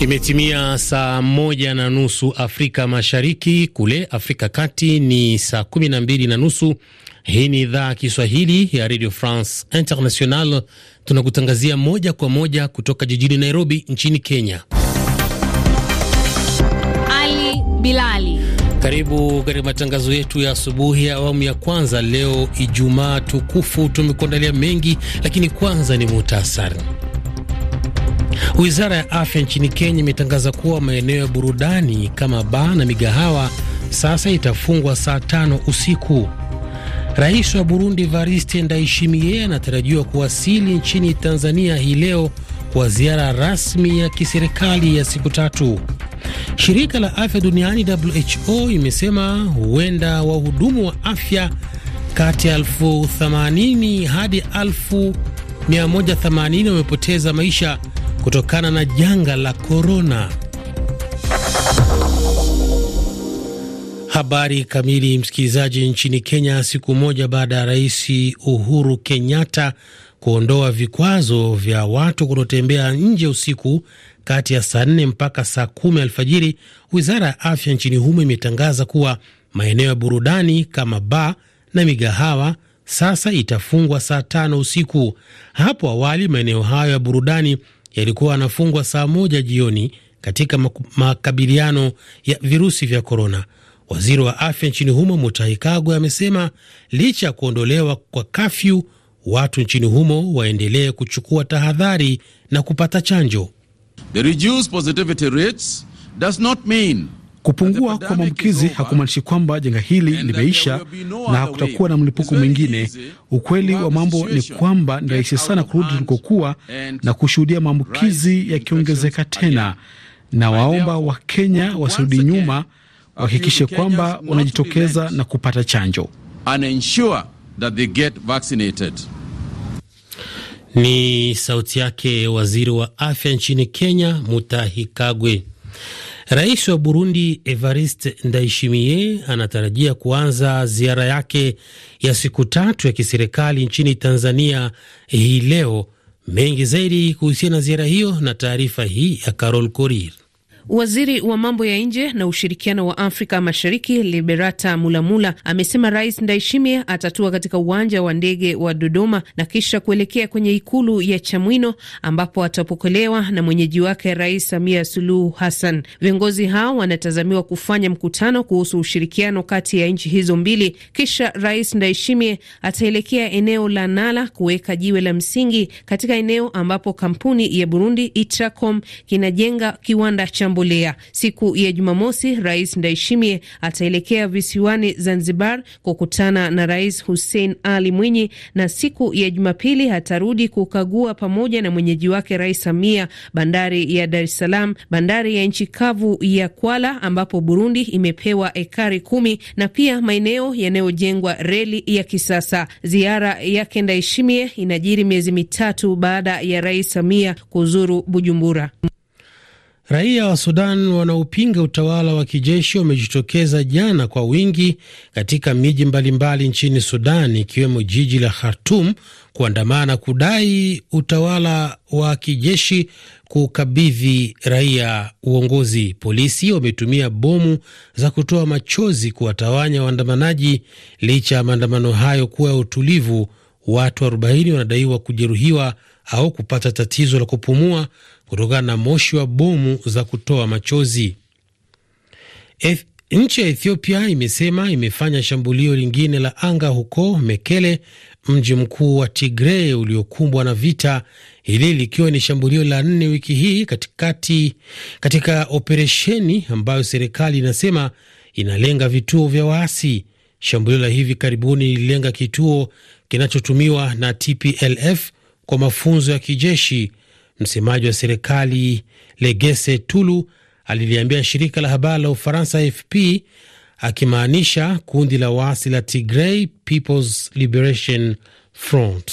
Imetimia saa moja na nusu Afrika Mashariki, kule Afrika Kati ni saa kumi na mbili na nusu. Hii ni idhaa ya Kiswahili ya Radio France International, tunakutangazia moja kwa moja kutoka jijini Nairobi nchini Kenya. Ali Bilali, karibu katika matangazo yetu ya asubuhi ya awamu ya kwanza leo Ijumaa tukufu. Tumekuandalia mengi, lakini kwanza ni muhtasari Wizara ya afya nchini Kenya imetangaza kuwa maeneo ya burudani kama baa na migahawa sasa itafungwa saa tano usiku. Rais wa Burundi Evariste Ndayishimiye anatarajiwa kuwasili nchini Tanzania hii leo kwa ziara rasmi ya kiserikali ya siku tatu. Shirika la afya duniani WHO imesema huenda wahudumu wa afya kati ya elfu 80 hadi elfu 180 wamepoteza maisha kutokana na janga la korona. Habari kamili, msikilizaji. Nchini Kenya, siku moja baada ya Rais Uhuru Kenyatta kuondoa vikwazo vya watu kutotembea nje usiku kati ya saa nne mpaka saa kumi alfajiri, wizara ya afya nchini humo imetangaza kuwa maeneo ya burudani kama baa na migahawa sasa itafungwa saa tano usiku. Hapo awali maeneo hayo ya burudani yalikuwa anafungwa saa moja jioni katika makabiliano ya virusi vya korona. Waziri wa afya nchini humo Mutahi Kagwe amesema licha ya kuondolewa kwa kafyu, watu nchini humo waendelee kuchukua tahadhari na kupata chanjo. The reduced positivity rates does not mean Kupungua kwa maambukizi hakumaanishi kwamba janga hili limeisha na hakutakuwa na mlipuko mwingine. Ukweli wa mambo ni kwamba ni rahisi sana kurudi tulikokuwa na kushuhudia maambukizi yakiongezeka tena, na waomba Wakenya wasirudi nyuma, wahakikishe kwamba wanajitokeza na kupata chanjo. Ni sauti yake waziri wa afya nchini Kenya, Mutahi Kagwe. Rais wa Burundi Evariste Ndayishimiye anatarajia kuanza ziara yake ya siku tatu ya kiserikali nchini Tanzania hii leo. Mengi zaidi kuhusiana na ziara hiyo na taarifa hii ya Carol Korir. Waziri wa mambo ya nje na ushirikiano wa Afrika Mashariki Liberata Mulamula amesema Rais ndaishimie atatua katika uwanja wa ndege wa Dodoma na kisha kuelekea kwenye ikulu ya Chamwino ambapo atapokelewa na mwenyeji wake Rais Samia Suluhu Hassan. Viongozi hao wanatazamiwa kufanya mkutano kuhusu ushirikiano kati ya nchi hizo mbili, kisha Rais ndaishimie ataelekea eneo la Nala kuweka jiwe la msingi katika eneo ambapo kampuni ya Burundi Itracom kinajenga kiwanda cha mbolea. Siku ya Jumamosi, Rais Ndaishimie ataelekea visiwani Zanzibar kukutana na Rais Hussein Ali Mwinyi, na siku ya Jumapili atarudi kukagua pamoja na mwenyeji wake Rais Samia bandari ya Dar es Salaam, bandari ya nchi kavu ya Kwala ambapo Burundi imepewa ekari kumi na pia maeneo yanayojengwa reli ya kisasa. Ziara yake Ndaishimie inajiri miezi mitatu baada ya Rais Samia kuzuru Bujumbura. Raia wa Sudan wanaopinga utawala wa kijeshi wamejitokeza jana kwa wingi katika miji mbalimbali nchini Sudan, ikiwemo jiji la Khartum, kuandamana kudai utawala wa kijeshi kukabidhi raia uongozi. Polisi wametumia bomu za kutoa machozi kuwatawanya waandamanaji. Licha ya maandamano hayo kuwa ya utulivu, watu 40 wanadaiwa kujeruhiwa au kupata tatizo la kupumua kutokana na moshi wa bomu za kutoa machozi. F nchi ya Ethiopia imesema imefanya shambulio lingine la anga huko Mekele, mji mkuu wa tigre uliokumbwa na vita, hili likiwa ni shambulio la nne wiki hii katikati, katika operesheni ambayo serikali inasema inalenga vituo vya waasi. Shambulio la hivi karibuni lililenga kituo kinachotumiwa na TPLF kwa mafunzo ya kijeshi Msemaji wa serikali legese Tulu aliliambia shirika la habari la Ufaransa AFP akimaanisha kundi la waasi la Tigray People's Liberation Front.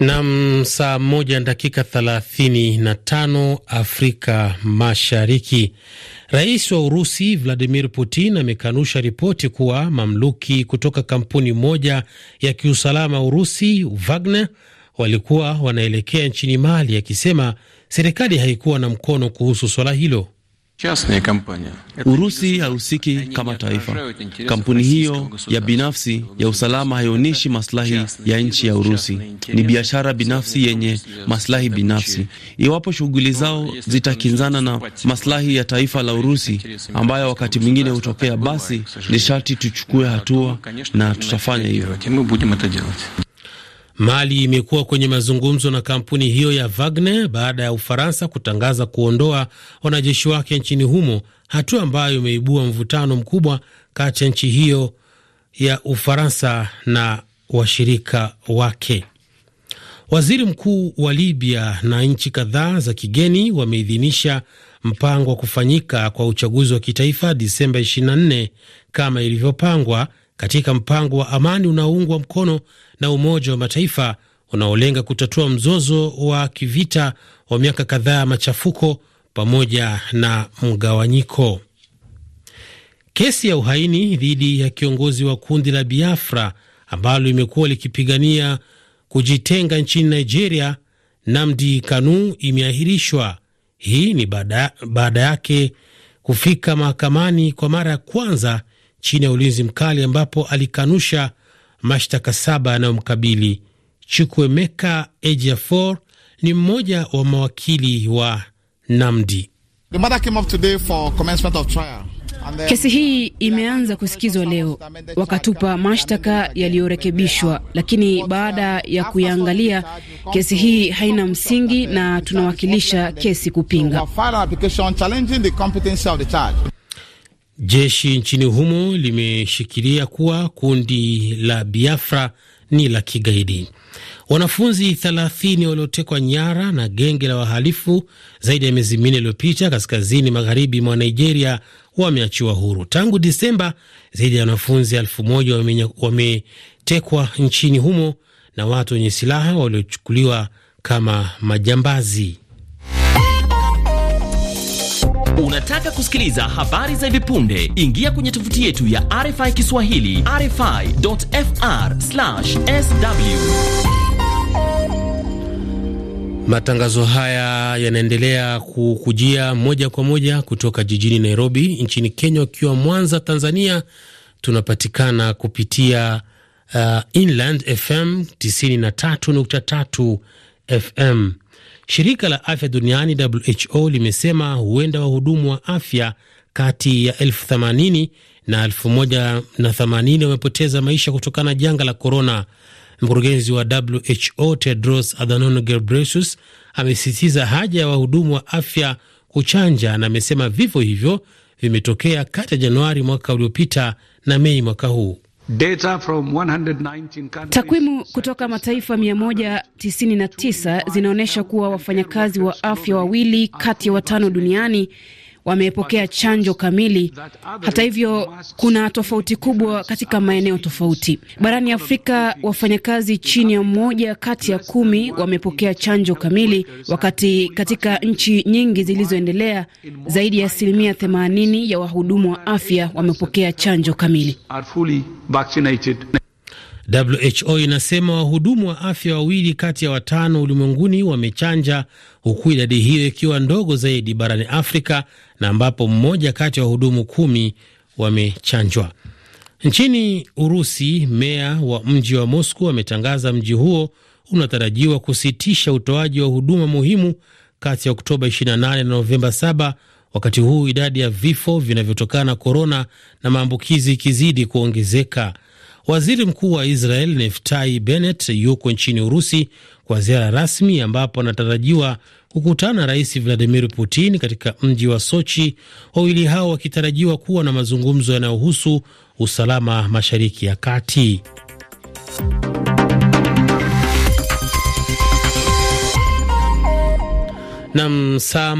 Nam, saa moja na dakika thelathini na tano Afrika Mashariki. Rais wa Urusi Vladimir Putin amekanusha ripoti kuwa mamluki kutoka kampuni moja ya kiusalama Urusi Wagner walikuwa wanaelekea nchini Mali, akisema serikali haikuwa na mkono kuhusu swala hilo. Urusi hahusiki kama taifa. Kampuni hiyo ya binafsi ya usalama haionyeshi maslahi ya nchi ya Urusi, ni biashara binafsi yenye maslahi binafsi. Iwapo shughuli zao zitakinzana na maslahi ya taifa la Urusi, ambayo wakati mwingine hutokea, basi ni sharti tuchukue hatua na tutafanya hivyo. Mali imekuwa kwenye mazungumzo na kampuni hiyo ya Wagner baada ya Ufaransa kutangaza kuondoa wanajeshi wake nchini humo, hatua ambayo imeibua mvutano mkubwa kati ya nchi hiyo ya Ufaransa na washirika wake. Waziri mkuu wa Libya na nchi kadhaa za kigeni wameidhinisha mpango wa kufanyika kwa uchaguzi wa kitaifa Disemba 24 kama ilivyopangwa, katika mpango wa amani unaoungwa mkono na Umoja wa Mataifa unaolenga kutatua mzozo wa kivita wa miaka kadhaa ya machafuko pamoja na mgawanyiko. Kesi ya uhaini dhidi ya kiongozi wa kundi la Biafra ambalo imekuwa likipigania kujitenga nchini Nigeria, Namdi Kanu, imeahirishwa. Hii ni baada yake kufika mahakamani kwa mara ya kwanza chini ya ulinzi mkali, ambapo alikanusha mashtaka saba yanayomkabili. Chukwemeka Ejiofor ni mmoja wa mawakili wa Namdi. Kesi hii imeanza kusikizwa leo. Wakatupa mashtaka yaliyorekebishwa, lakini baada ya kuyaangalia, kesi hii haina msingi na tunawakilisha kesi kupinga. Jeshi nchini humo limeshikilia kuwa kundi la Biafra ni la kigaidi. Wanafunzi 30 waliotekwa nyara na genge la wahalifu zaidi ya miezi minne iliyopita kaskazini magharibi mwa Nigeria wameachiwa huru. Tangu Disemba, zaidi ya wanafunzi elfu moja wametekwa nchini humo na watu wenye silaha waliochukuliwa kama majambazi. Unataka kusikiliza habari za hivi punde? Ingia kwenye tovuti yetu ya RFI Kiswahili, rfi.fr/sw. Matangazo haya yanaendelea kukujia moja kwa moja kutoka jijini Nairobi nchini Kenya, ukiwa Mwanza, Tanzania. Tunapatikana kupitia uh, Inland FM 93.3 FM. Shirika la afya duniani WHO limesema huenda wahudumu wa afya kati ya elfu themanini na elfu moja na themanini wamepoteza maisha kutokana na janga la korona. Mkurugenzi wa WHO Tedros Adhanom Ghebreyesus amesisitiza haja ya wahudumu wa afya kuchanja na amesema vifo hivyo vimetokea kati ya Januari mwaka uliopita na Mei mwaka huu. Takwimu kutoka mataifa 199 zinaonyesha kuwa wafanyakazi wa afya wawili kati ya watano duniani wamepokea chanjo kamili. Hata hivyo, kuna tofauti kubwa katika maeneo tofauti. Barani Afrika, wafanyakazi chini ya mmoja kati ya kumi wamepokea chanjo kamili, wakati katika nchi nyingi zilizoendelea zaidi ya asilimia 80 ya wahudumu wa afya wamepokea chanjo kamili. WHO inasema wahudumu wa afya wawili kati ya watano ulimwenguni wamechanja, huku idadi hiyo ikiwa ndogo zaidi barani Afrika na ambapo mmoja kati ya wahudumu kumi wamechanjwa. Nchini Urusi, meya wa mji wa Moscow ametangaza mji huo unatarajiwa kusitisha utoaji wa huduma muhimu kati ya Oktoba 28 na Novemba 7, wakati huu idadi ya vifo vinavyotokana na korona na maambukizi ikizidi kuongezeka. Waziri mkuu wa Israel neftai Bennett yuko nchini Urusi kwa ziara rasmi, ambapo anatarajiwa kukutana na Rais Vladimir Putin katika mji wa Sochi, wawili hao wakitarajiwa kuwa na mazungumzo yanayohusu usalama mashariki ya kati. Nam saa